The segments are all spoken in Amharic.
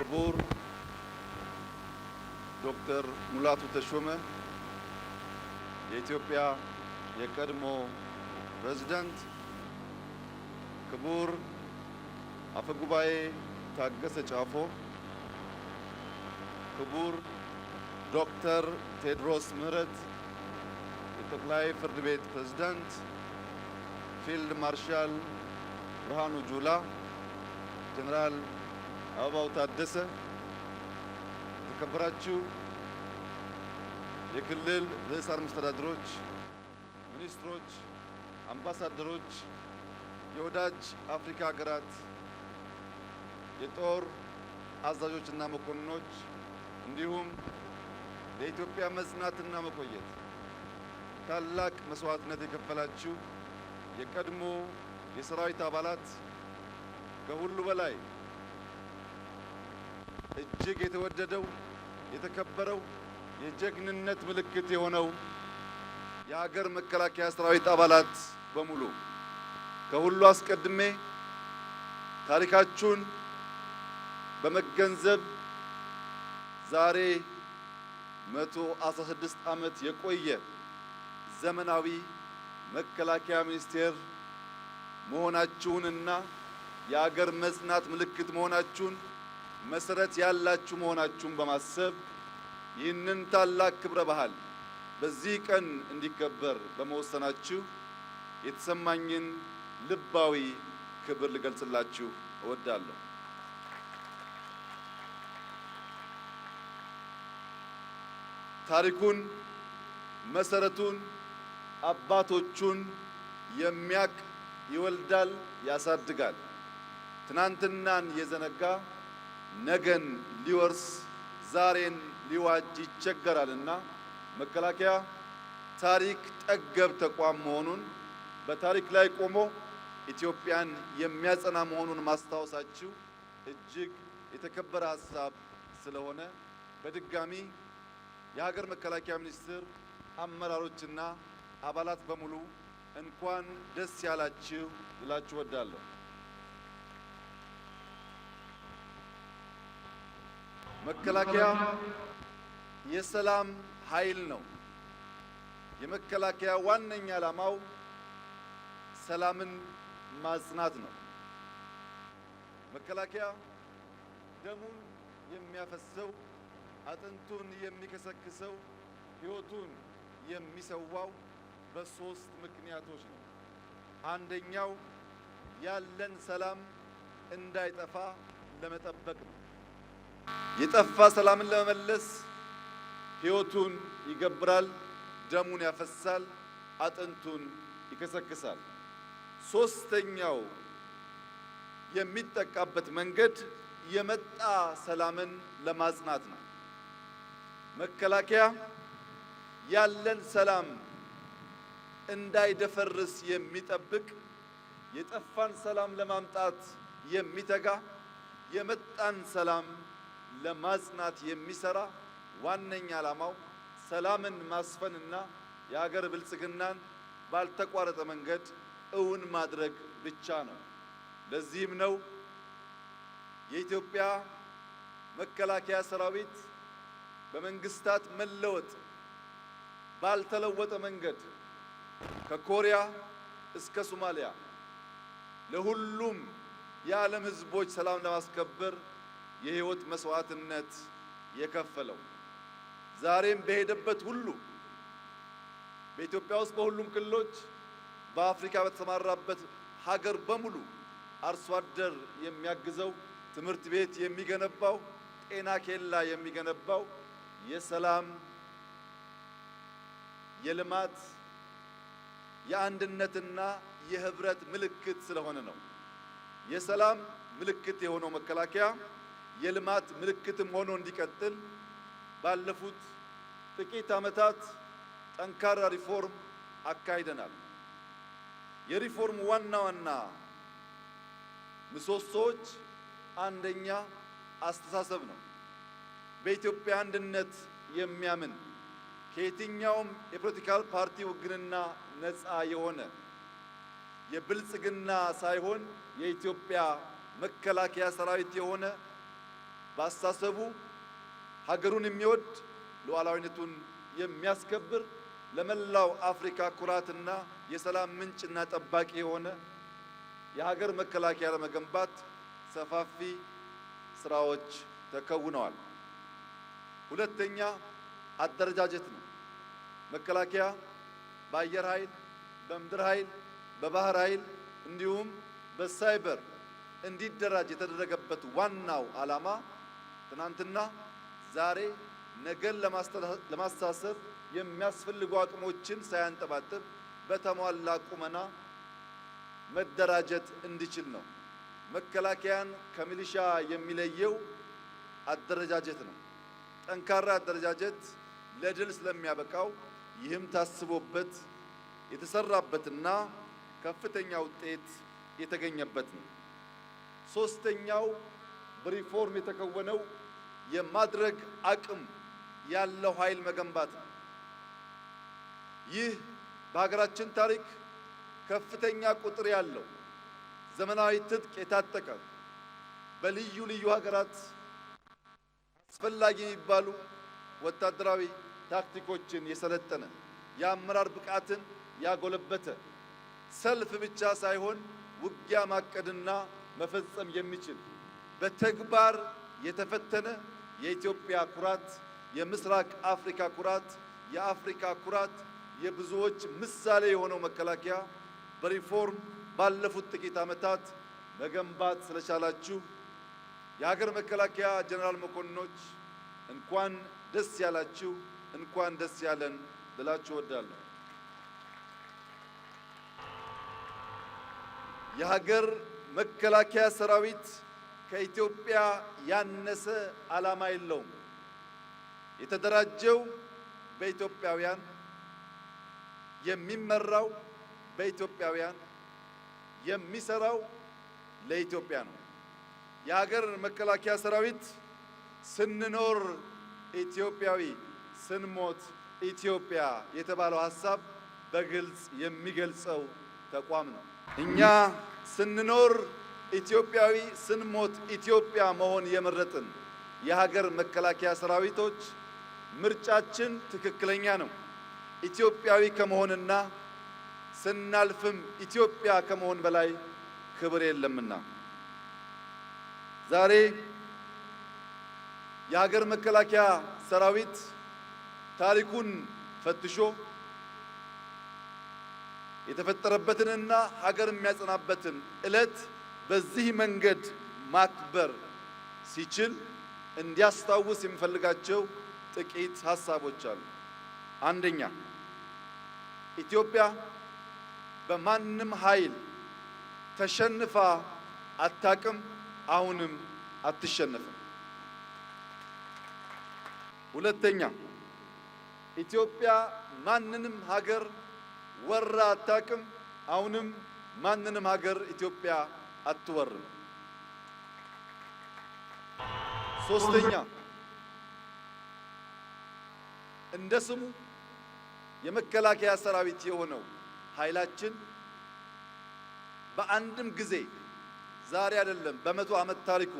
ክቡር ዶክተር ሙላቱ ተሾመ የኢትዮጵያ የቀድሞ ፕሬዝዳንት፣ ክቡር አፈ ጉባኤ ታገሰ ጫፎ፣ ክቡር ዶክተር ቴድሮስ ምህረት የጠቅላይ ፍርድ ቤት ፕሬዝዳንት፣ ፊልድ ማርሻል ብርሃኑ ጁላ፣ ጀነራል አበባው ታደሰ፣ የተከበራችሁ የክልል ርዕሳን መስተዳድሮች፣ ሚኒስትሮች፣ አምባሳደሮች፣ የወዳጅ አፍሪካ ሀገራት የጦር አዛዦችና መኮንኖች እንዲሁም ለኢትዮጵያ መጽናትና መቆየት ታላቅ መስዋዕትነት የከፈላችሁ የቀድሞ የሰራዊት አባላት ከሁሉ በላይ እጅግ የተወደደው የተከበረው የጀግንነት ምልክት የሆነው የሀገር መከላከያ ሰራዊት አባላት በሙሉ ከሁሉ አስቀድሜ ታሪካችሁን በመገንዘብ ዛሬ 116 ዓመት የቆየ ዘመናዊ መከላከያ ሚኒስቴር መሆናችሁንና የአገር መጽናት ምልክት መሆናችሁን መሰረት ያላችሁ መሆናችሁን በማሰብ ይህንን ታላቅ ክብረ ባህል በዚህ ቀን እንዲከበር በመወሰናችሁ የተሰማኝን ልባዊ ክብር ልገልጽላችሁ እወዳለሁ። ታሪኩን መሰረቱን አባቶቹን የሚያቅ ይወልዳል፣ ያሳድጋል። ትናንትናን የዘነጋ ነገን ሊወርስ ዛሬን ሊዋጅ ይቸገራልና መከላከያ ታሪክ ጠገብ ተቋም መሆኑን በታሪክ ላይ ቆሞ ኢትዮጵያን የሚያጸና መሆኑን ማስታወሳችሁ እጅግ የተከበረ ሀሳብ ስለሆነ በድጋሚ የሀገር መከላከያ ሚኒስቴር አመራሮችና አባላት በሙሉ እንኳን ደስ ያላችሁ ልላችሁ ወዳለሁ። መከላከያ የሰላም ኃይል ነው። የመከላከያ ዋነኛ ዓላማው ሰላምን ማጽናት ነው። መከላከያ ደሙን የሚያፈሰው፣ አጥንቱን የሚከሰክሰው፣ ሕይወቱን የሚሰዋው በሶስት ምክንያቶች ነው። አንደኛው ያለን ሰላም እንዳይጠፋ ለመጠበቅ ነው። የጠፋ ሰላምን ለመመለስ ሕይወቱን ይገብራል፣ ደሙን ያፈሳል፣ አጥንቱን ይከሰክሳል። ሶስተኛው የሚጠቃበት መንገድ የመጣ ሰላምን ለማጽናት ነው። መከላከያ ያለን ሰላም እንዳይደፈርስ የሚጠብቅ የጠፋን ሰላም ለማምጣት የሚተጋ የመጣን ሰላም ለማጽናት የሚሰራ ዋነኛ ዓላማው ሰላምን ማስፈንና የሀገር ብልጽግናን ባልተቋረጠ መንገድ እውን ማድረግ ብቻ ነው። ለዚህም ነው የኢትዮጵያ መከላከያ ሰራዊት በመንግስታት መለወጥ ባልተለወጠ መንገድ ከኮሪያ እስከ ሶማሊያ ለሁሉም የዓለም ሕዝቦች ሰላም ለማስከበር የህይወት መስዋዕትነት የከፈለው ዛሬም በሄደበት ሁሉ በኢትዮጵያ ውስጥ በሁሉም ክልሎች በአፍሪካ በተሰማራበት ሀገር በሙሉ አርሶ አደር የሚያግዘው ትምህርት ቤት የሚገነባው ጤና ኬላ የሚገነባው የሰላም የልማት የአንድነትና የህብረት ምልክት ስለሆነ ነው። የሰላም ምልክት የሆነው መከላከያ የልማት ምልክትም ሆኖ እንዲቀጥል ባለፉት ጥቂት ዓመታት ጠንካራ ሪፎርም አካሂደናል። የሪፎርም ዋና ዋና ምሰሶዎች አንደኛ አስተሳሰብ ነው። በኢትዮጵያ አንድነት የሚያምን ከየትኛውም የፖለቲካል ፓርቲ ውግንና ነፃ የሆነ የብልጽግና ሳይሆን የኢትዮጵያ መከላከያ ሰራዊት የሆነ ባስተሳሰቡ ሀገሩን የሚወድ ሉዓላዊነቱን የሚያስከብር ለመላው አፍሪካ ኩራትና የሰላም ምንጭና ጠባቂ የሆነ የሀገር መከላከያ ለመገንባት ሰፋፊ ስራዎች ተከውነዋል። ሁለተኛ አደረጃጀት ነው። መከላከያ በአየር ኃይል፣ በምድር ኃይል፣ በባህር ኃይል እንዲሁም በሳይበር እንዲደራጅ የተደረገበት ዋናው ዓላማ ትናንትና ዛሬ ነገን ለማስተሳሰብ የሚያስፈልጉ አቅሞችን ሳያንጠባጥብ በተሟላ ቁመና መደራጀት እንዲችል ነው። መከላከያን ከሚሊሻ የሚለየው አደረጃጀት ነው። ጠንካራ አደረጃጀት ለድል ስለሚያበቃው ይህም ታስቦበት የተሰራበትና ከፍተኛ ውጤት የተገኘበት ነው። ሶስተኛው በሪፎርም የተከወነው የማድረግ አቅም ያለው ኃይል መገንባት ነው። ይህ በሀገራችን ታሪክ ከፍተኛ ቁጥር ያለው ዘመናዊ ትጥቅ የታጠቀ በልዩ ልዩ ሀገራት አስፈላጊ የሚባሉ ወታደራዊ ታክቲኮችን የሰለጠነ የአመራር ብቃትን ያጎለበተ ሰልፍ ብቻ ሳይሆን ውጊያ ማቀድና መፈጸም የሚችል በተግባር የተፈተነ የኢትዮጵያ ኩራት፣ የምስራቅ አፍሪካ ኩራት፣ የአፍሪካ ኩራት፣ የብዙዎች ምሳሌ የሆነው መከላከያ በሪፎርም ባለፉት ጥቂት ዓመታት መገንባት ስለቻላችሁ የሀገር መከላከያ ጀነራል መኮንኖች እንኳን ደስ ያላችሁ፣ እንኳን ደስ ያለን ብላችሁ እወዳለሁ። የሀገር መከላከያ ሰራዊት ከኢትዮጵያ ያነሰ ዓላማ የለውም። የተደራጀው በኢትዮጵያውያን የሚመራው በኢትዮጵያውያን የሚሰራው ለኢትዮጵያ ነው። የሀገር መከላከያ ሰራዊት ስንኖር ኢትዮጵያዊ ስንሞት ኢትዮጵያ የተባለው ሀሳብ በግልጽ የሚገልጸው ተቋም ነው። እኛ ስንኖር ኢትዮጵያዊ ስንሞት ኢትዮጵያ መሆን የመረጥን የሀገር መከላከያ ሰራዊቶች ምርጫችን ትክክለኛ ነው። ኢትዮጵያዊ ከመሆንና ስናልፍም ኢትዮጵያ ከመሆን በላይ ክብር የለምና ዛሬ የሀገር መከላከያ ሰራዊት ታሪኩን ፈትሾ የተፈጠረበትንና ሀገር የሚያጸናበትን ዕለት በዚህ መንገድ ማክበር ሲችል እንዲያስታውስ የምፈልጋቸው ጥቂት ሀሳቦች አሉ። አንደኛ ኢትዮጵያ በማንም ኃይል ተሸንፋ አታቅም፣ አሁንም አትሸነፍም። ሁለተኛ ኢትዮጵያ ማንንም ሀገር ወራ አታቅም፣ አሁንም ማንንም ሀገር ኢትዮጵያ አትወር። ሶስተኛ እንደ ስሙ የመከላከያ ሰራዊት የሆነው ኃይላችን በአንድም ጊዜ ዛሬ አይደለም በመቶ ዓመት ታሪኩ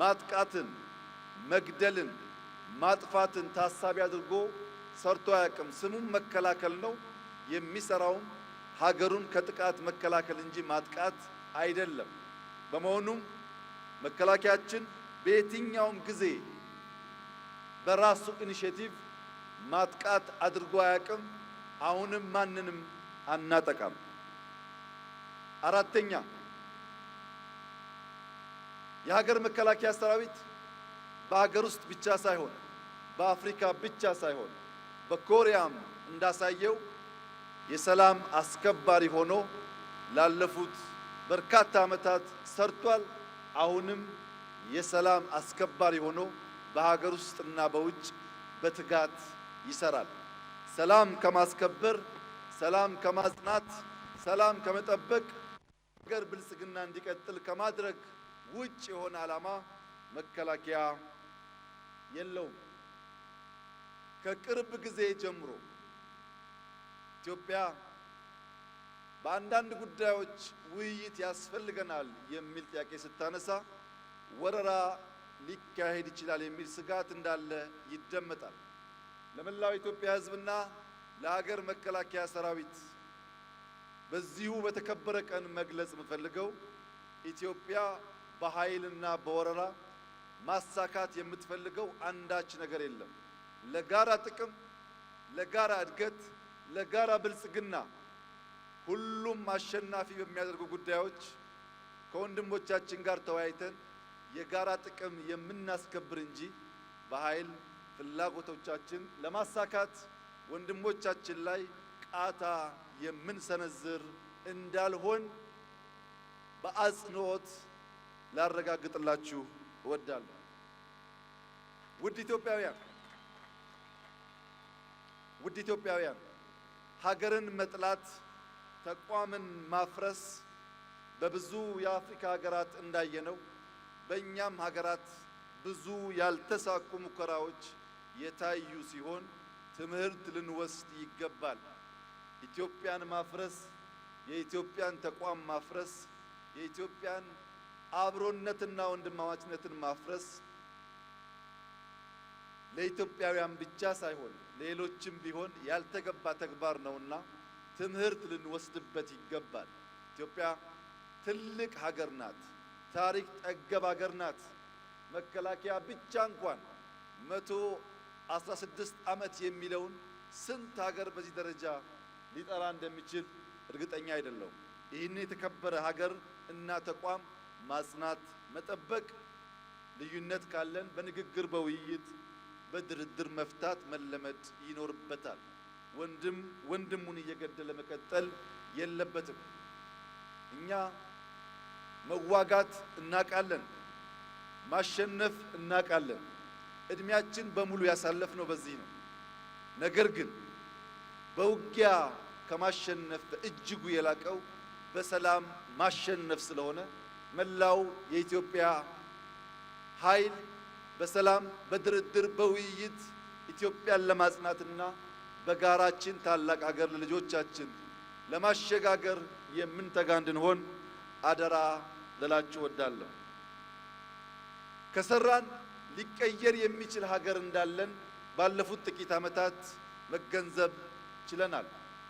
ማጥቃትን፣ መግደልን፣ ማጥፋትን ታሳቢ አድርጎ ሰርቶ አያውቅም። ስሙም መከላከል ነው የሚሰራውም ሀገሩን ከጥቃት መከላከል እንጂ ማጥቃት አይደለም። በመሆኑም መከላከያችን በየትኛውም ጊዜ በራሱ ኢኒሼቲቭ ማጥቃት አድርጎ አያውቅም። አሁንም ማንንም አናጠቃም። አራተኛ የሀገር መከላከያ ሰራዊት በሀገር ውስጥ ብቻ ሳይሆን በአፍሪካ ብቻ ሳይሆን በኮሪያም እንዳሳየው የሰላም አስከባሪ ሆኖ ላለፉት በርካታ ዓመታት ሰርቷል። አሁንም የሰላም አስከባሪ ሆኖ በሀገር ውስጥና በውጭ በትጋት ይሰራል። ሰላም ከማስከበር፣ ሰላም ከማጽናት፣ ሰላም ከመጠበቅ፣ ሀገር ብልጽግና እንዲቀጥል ከማድረግ ውጭ የሆነ ዓላማ መከላከያ የለውም። ከቅርብ ጊዜ ጀምሮ ኢትዮጵያ በአንዳንድ ጉዳዮች ውይይት ያስፈልገናል የሚል ጥያቄ ስታነሳ ወረራ ሊካሄድ ይችላል የሚል ስጋት እንዳለ ይደመጣል። ለመላው ኢትዮጵያ ሕዝብና ለሀገር መከላከያ ሰራዊት በዚሁ በተከበረ ቀን መግለጽ የምፈልገው ኢትዮጵያ በኃይልና በወረራ ማሳካት የምትፈልገው አንዳች ነገር የለም። ለጋራ ጥቅም፣ ለጋራ እድገት ለጋራ ብልጽግና ሁሉም አሸናፊ በሚያደርጉ ጉዳዮች ከወንድሞቻችን ጋር ተወያይተን የጋራ ጥቅም የምናስከብር እንጂ በኃይል ፍላጎቶቻችን ለማሳካት ወንድሞቻችን ላይ ቃታ የምንሰነዝር እንዳልሆን በአጽንኦት ላረጋግጥላችሁ እወዳለሁ። ውድ ኢትዮጵያውያን ውድ ኢትዮጵያውያን ሀገርን መጥላት፣ ተቋምን ማፍረስ በብዙ የአፍሪካ ሀገራት እንዳየነው በእኛም ሀገራት ብዙ ያልተሳኩ ሙከራዎች የታዩ ሲሆን ትምህርት ልንወስድ ይገባል። ኢትዮጵያን ማፍረስ፣ የኢትዮጵያን ተቋም ማፍረስ፣ የኢትዮጵያን አብሮነትና ወንድማማችነትን ማፍረስ ለኢትዮጵያውያን ብቻ ሳይሆን ሌሎችም ቢሆን ያልተገባ ተግባር ነውና ትምህርት ልንወስድበት ይገባል። ኢትዮጵያ ትልቅ ሀገር ናት። ታሪክ ጠገብ ሀገር ናት። መከላከያ ብቻ እንኳን መቶ አስራ ስድስት ዓመት የሚለውን ስንት ሀገር በዚህ ደረጃ ሊጠራ እንደሚችል እርግጠኛ አይደለሁም። ይህን የተከበረ ሀገር እና ተቋም ማጽናት፣ መጠበቅ ልዩነት ካለን በንግግር በውይይት በድርድር መፍታት መለመድ ይኖርበታል። ወንድም ወንድሙን እየገደለ መቀጠል የለበትም። እኛ መዋጋት እናቃለን፣ ማሸነፍ እናቃለን። እድሜያችን በሙሉ ያሳለፍነው በዚህ ነው። ነገር ግን በውጊያ ከማሸነፍ በእጅጉ የላቀው በሰላም ማሸነፍ ስለሆነ መላው የኢትዮጵያ ኃይል በሰላም በድርድር በውይይት ኢትዮጵያን ለማጽናትና በጋራችን ታላቅ ሀገር ለልጆቻችን ለማሸጋገር የምንተጋ እንድንሆን አደራ ልላችሁ እወዳለሁ። ከሰራን ሊቀየር የሚችል ሀገር እንዳለን ባለፉት ጥቂት ዓመታት መገንዘብ ችለናል።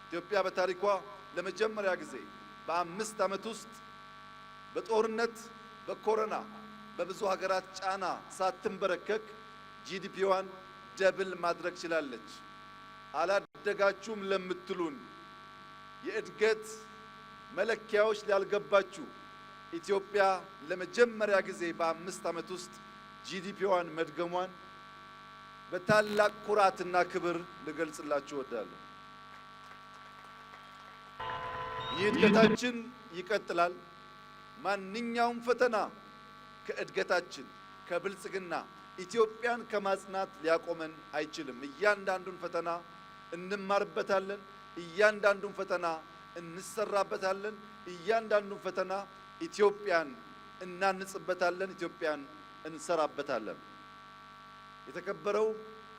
ኢትዮጵያ በታሪኳ ለመጀመሪያ ጊዜ በአምስት ዓመት ውስጥ በጦርነት በኮረና በብዙ ሀገራት ጫና ሳትንበረከክ ጂዲፒዋን ደብል ማድረግ ችላለች። አላደጋችሁም ለምትሉን የእድገት መለኪያዎች ላልገባችሁ ኢትዮጵያ ለመጀመሪያ ጊዜ በአምስት ዓመት ውስጥ ጂዲፒዋን መድገሟን በታላቅ ኩራትና ክብር ልገልጽላችሁ እወዳለሁ። ይህ እድገታችን ይቀጥላል። ማንኛውም ፈተና ከእድገታችን ከብልጽግና ኢትዮጵያን ከማጽናት ሊያቆመን አይችልም። እያንዳንዱን ፈተና እንማርበታለን። እያንዳንዱን ፈተና እንሰራበታለን። እያንዳንዱን ፈተና ኢትዮጵያን እናንጽበታለን። ኢትዮጵያን እንሰራበታለን። የተከበረው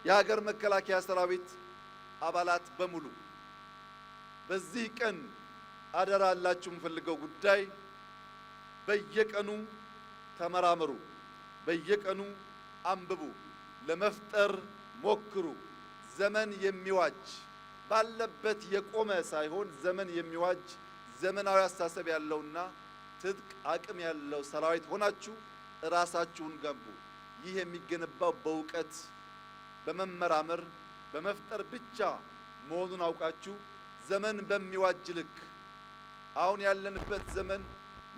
የሀገር መከላከያ ሰራዊት አባላት በሙሉ በዚህ ቀን አደራ አላችሁ የምፈልገው ጉዳይ በየቀኑ ተመራምሩ፣ በየቀኑ አንብቡ፣ ለመፍጠር ሞክሩ። ዘመን የሚዋጅ ባለበት የቆመ ሳይሆን ዘመን የሚዋጅ ዘመናዊ አስተሳሰብ ያለውና ትጥቅ አቅም ያለው ሰራዊት ሆናችሁ እራሳችሁን ገንቡ። ይህ የሚገነባው በእውቀት በመመራመር በመፍጠር ብቻ መሆኑን አውቃችሁ ዘመን በሚዋጅ ልክ አሁን ያለንበት ዘመን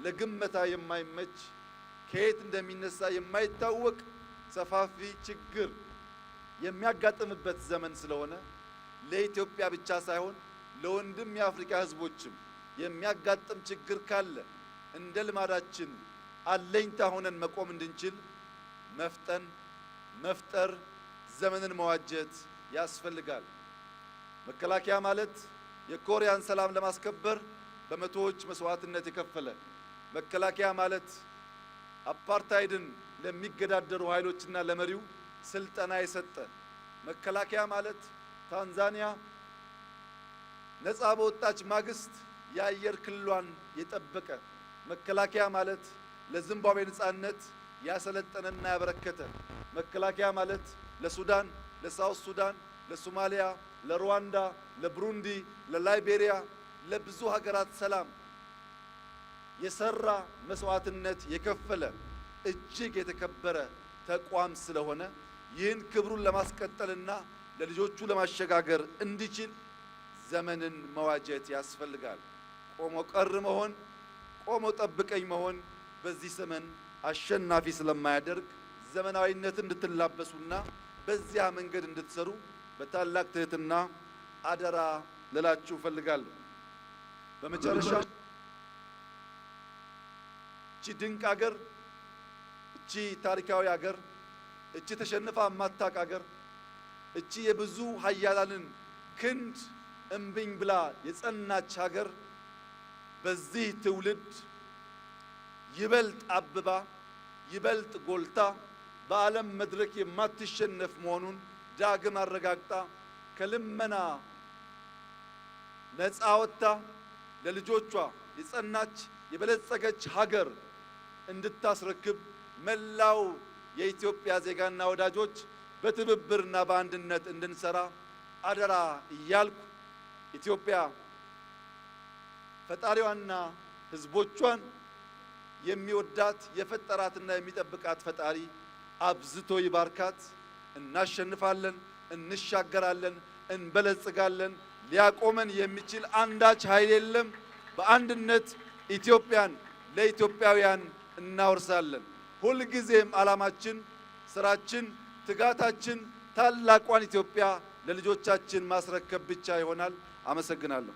ለግመታ የማይመች ከየት እንደሚነሳ የማይታወቅ ሰፋፊ ችግር የሚያጋጥምበት ዘመን ስለሆነ ለኢትዮጵያ ብቻ ሳይሆን ለወንድም የአፍሪካ ሕዝቦችም የሚያጋጥም ችግር ካለ እንደ ልማዳችን አለኝታ ሆነን መቆም እንድንችል መፍጠን፣ መፍጠር፣ ዘመንን መዋጀት ያስፈልጋል። መከላከያ ማለት የኮሪያን ሰላም ለማስከበር በመቶዎች መስዋዕትነት የከፈለ መከላከያ ማለት አፓርታይድን ለሚገዳደሩ ኃይሎችና ለመሪው ስልጠና የሰጠ መከላከያ ማለት ታንዛኒያ ነፃ በወጣች ማግስት የአየር ክልሏን የጠበቀ መከላከያ ማለት ለዚምባብዌ ነፃነት ያሰለጠነና ያበረከተ መከላከያ ማለት ለሱዳን፣ ለሳውት ሱዳን፣ ለሶማሊያ፣ ለሩዋንዳ፣ ለብሩንዲ፣ ለላይቤሪያ፣ ለብዙ ሀገራት ሰላም የሰራ መስዋዕትነት የከፈለ እጅግ የተከበረ ተቋም ስለሆነ ይህን ክብሩን ለማስቀጠልና ለልጆቹ ለማሸጋገር እንዲችል ዘመንን መዋጀት ያስፈልጋል። ቆሞ ቀር መሆን፣ ቆሞ ጠብቀኝ መሆን በዚህ ዘመን አሸናፊ ስለማያደርግ ዘመናዊነት እንድትላበሱና በዚያ መንገድ እንድትሰሩ በታላቅ ትህትና አደራ ልላችሁ እፈልጋለሁ። በመጨረሻ እቺ ድንቅ አገር፣ እቺ ታሪካዊ አገር፣ እቺ ተሸንፋ ማታቅ አገር፣ እቺ የብዙ ሀያላንን ክንድ እምብኝ ብላ የጸናች ሀገር በዚህ ትውልድ ይበልጥ አብባ ይበልጥ ጎልታ በዓለም መድረክ የማትሸነፍ መሆኑን ዳግም አረጋግጣ ከልመና ነፃ ወጥታ ለልጆቿ የጸናች የበለጸገች ሀገር እንድታስረክብ መላው የኢትዮጵያ ዜጋና ወዳጆች በትብብርና በአንድነት እንድንሰራ አደራ እያልኩ ኢትዮጵያ ፈጣሪዋና ሕዝቦቿን የሚወዳት የፈጠራትና የሚጠብቃት ፈጣሪ አብዝቶ ይባርካት። እናሸንፋለን፣ እንሻገራለን፣ እንበለጽጋለን። ሊያቆመን የሚችል አንዳች ኃይል የለም። በአንድነት ኢትዮጵያን ለኢትዮጵያውያን እናወርሳለን። ሁልጊዜም ዓላማችን፣ ስራችን፣ ትጋታችን ታላቋን ኢትዮጵያ ለልጆቻችን ማስረከብ ብቻ ይሆናል። አመሰግናለሁ።